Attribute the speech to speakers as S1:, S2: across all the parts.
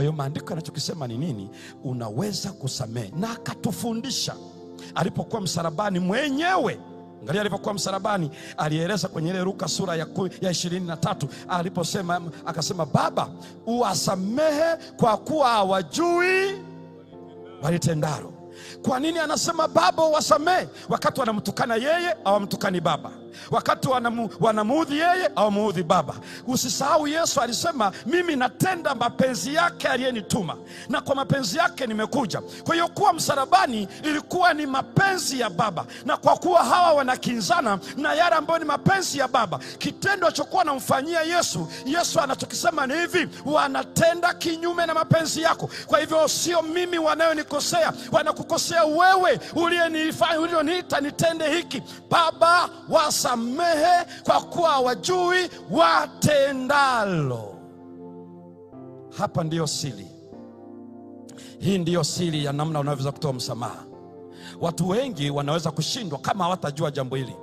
S1: Kwa hiyo maandiko yanachokisema ni nini? Unaweza kusamehe, na akatufundisha alipokuwa msalabani mwenyewe. Angalia alipokuwa msalabani, alieleza kwenye ile Luka sura ya, ku, ya ishirini na tatu aliposema akasema, Baba uwasamehe kwa kuwa hawajui walitendalo. Kwa nini anasema Baba uwasamehe wakati wanamtukana yeye, hawamtukani Baba? wakati wanamu, wanamuudhi yeye au muudhi Baba. Usisahau Yesu alisema mimi natenda mapenzi yake aliyenituma, na kwa mapenzi yake nimekuja. Kwa hiyo kuwa msalabani ilikuwa ni mapenzi ya Baba, na kwa kuwa hawa wanakinzana na yale ambayo ni mapenzi ya Baba, kitendo alichokuwa anamfanyia Yesu, Yesu anachokisema ni hivi, wanatenda kinyume na mapenzi yako. Kwa hivyo sio mimi wanayonikosea, wanakukosea wewe uliyeniita nitende hiki. Baba was wasamehe kwa kuwa wajui watendalo. Hapa ndiyo siri, hii ndiyo siri ya namna unavyoweza kutoa msamaha. Watu wengi wanaweza kushindwa kama hawatajua jambo hili.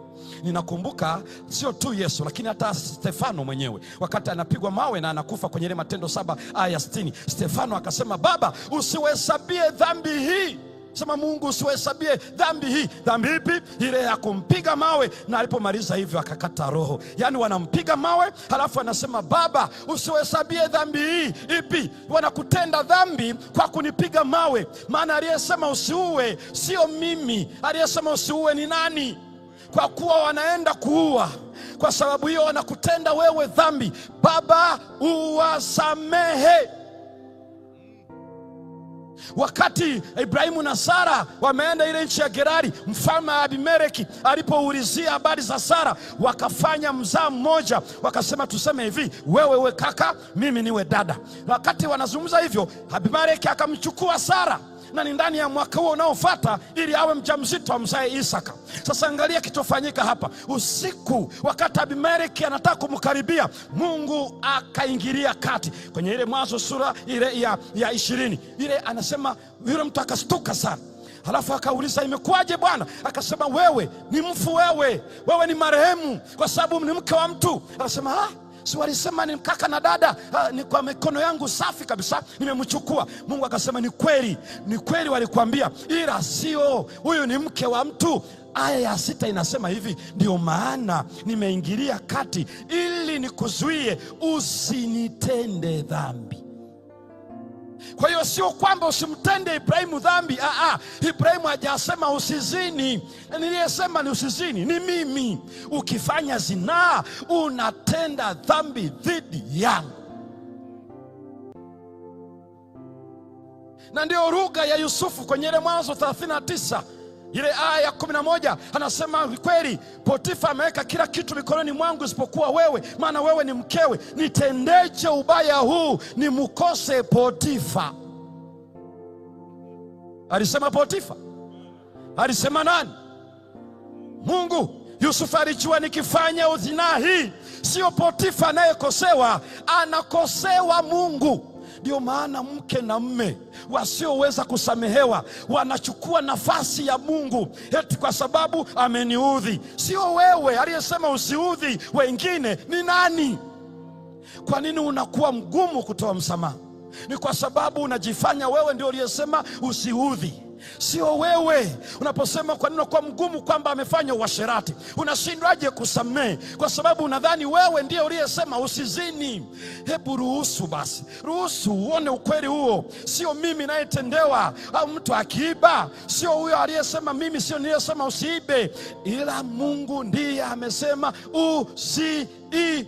S1: Ninakumbuka sio tu Yesu lakini hata Stefano mwenyewe wakati anapigwa mawe na anakufa kwenye ile Matendo saba aya ya sitini Stefano akasema, Baba, usiwahesabie dhambi hii sema, Mungu usiwahesabie dhambi hii. Dhambi ipi? Ile ya kumpiga mawe, na alipomaliza hivyo akakata roho. Yaani wanampiga mawe, halafu anasema Baba, usiwahesabie dhambi hii. Ipi? wanakutenda dhambi kwa kunipiga mawe, maana aliyesema usiue sio mimi. Aliyesema usiue ni nani? Kwa kuwa wanaenda kuua kwa sababu hiyo wanakutenda wewe dhambi. Baba, uwasamehe. Wakati Ibrahimu na Sara wameenda ile nchi ya Gerari, mfalme Abimeleki alipoulizia habari za Sara, wakafanya mzaa mmoja, wakasema tuseme hivi, wewe we kaka, mimi niwe dada. Wakati wanazungumza hivyo, Abimeleki akamchukua Sara na ni ndani ya mwaka huo unaofuata ili awe mjamzito amzae Isaka. Sasa angalia kitofanyika hapa. Usiku wakati Abimeleki anataka kumkaribia, Mungu akaingilia kati kwenye ile Mwanzo sura ile ya, ya ishirini ile, anasema yule mtu akastuka sana Halafu akauliza imekuwaje Bwana? Akasema wewe ni mfu, wewe wewe ni marehemu, kwa sababu ni mke wa mtu. Akasema ah si walisema ni kaka na dada ha, ah, ni kwa mikono yangu safi kabisa nimemchukua. Mungu akasema ni kweli, ni kweli walikuambia, ila sio huyu, ni mke wa mtu. Aya ya sita inasema hivi, ndio maana nimeingilia kati ili nikuzuie usinitende dhambi. Kwa hiyo sio kwamba usimtende Ibrahimu dhambi. Aa, ah, ah, Ibrahimu hajasema usizini. Niliyesema ni usizini ni mimi. Ukifanya zinaa unatenda dhambi dhidi yangu. Na ndio lugha ya Yusufu kwenye ile Mwanzo 39 ile aya ya kumi na moja anasema kweli, Potifa ameweka kila kitu mikononi mwangu isipokuwa wewe, maana wewe ni mkewe. nitendeche ubaya huu nimkose Potifa? Alisema Potifa? Alisema nani? Mungu. Yusufu alijua nikifanya uzinaa hii, sio Potifa anayekosewa, anakosewa Mungu. Ndio maana mke na mme wasioweza kusamehewa wanachukua nafasi ya Mungu eti kwa sababu ameniudhi. Sio wewe aliyesema usiudhi wengine, ni nani? Kwa nini unakuwa mgumu kutoa msamaha? Ni kwa sababu unajifanya wewe ndio uliyesema usiudhi. Sio wewe unaposema kwa neno kwa mgumu kwamba amefanya uasherati, unashindwaje kusamehe? Kwa sababu unadhani wewe ndiye uliyesema usizini. Hebu ruhusu basi, ruhusu uone ukweli huo. Sio mimi nayetendewa, au mtu akiiba sio huyo aliyesema, mimi sio niliyesema usiibe, ila Mungu ndiye amesema usiibe.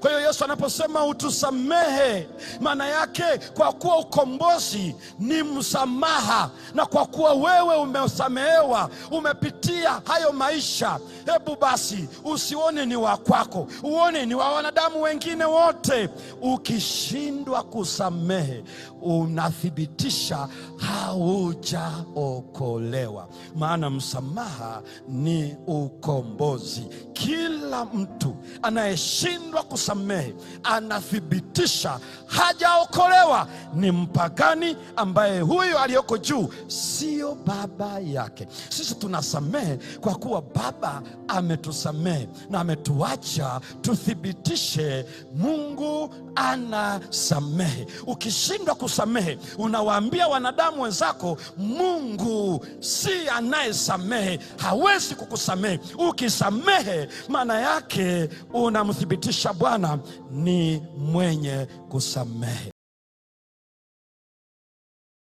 S1: Kwa hiyo Yesu anaposema utusamehe, maana yake kwa kuwa ukombozi ni msamaha, na kwa kuwa wewe umesamehewa, umepitia hayo maisha, hebu basi usione ni wa kwako, uone ni wa wanadamu wengine wote. Ukishindwa kusamehe, unathibitisha haujaokolewa, maana msamaha ni ukombozi. Kila mtu anayeshindwa kusamehe anathibitisha hajaokolewa, ni mpagani ambaye huyo aliyoko juu sio baba yake. Sisi tunasamehe kwa kuwa Baba ametusamehe na ametuacha tuthibitishe Mungu anasamehe. Ukishindwa kusamehe, unawaambia wanadamu wenzako, Mungu si anayesamehe, hawezi kukusamehe. Ukisamehe maana yake unamthibitisha Bwana ni mwenye kusamehe.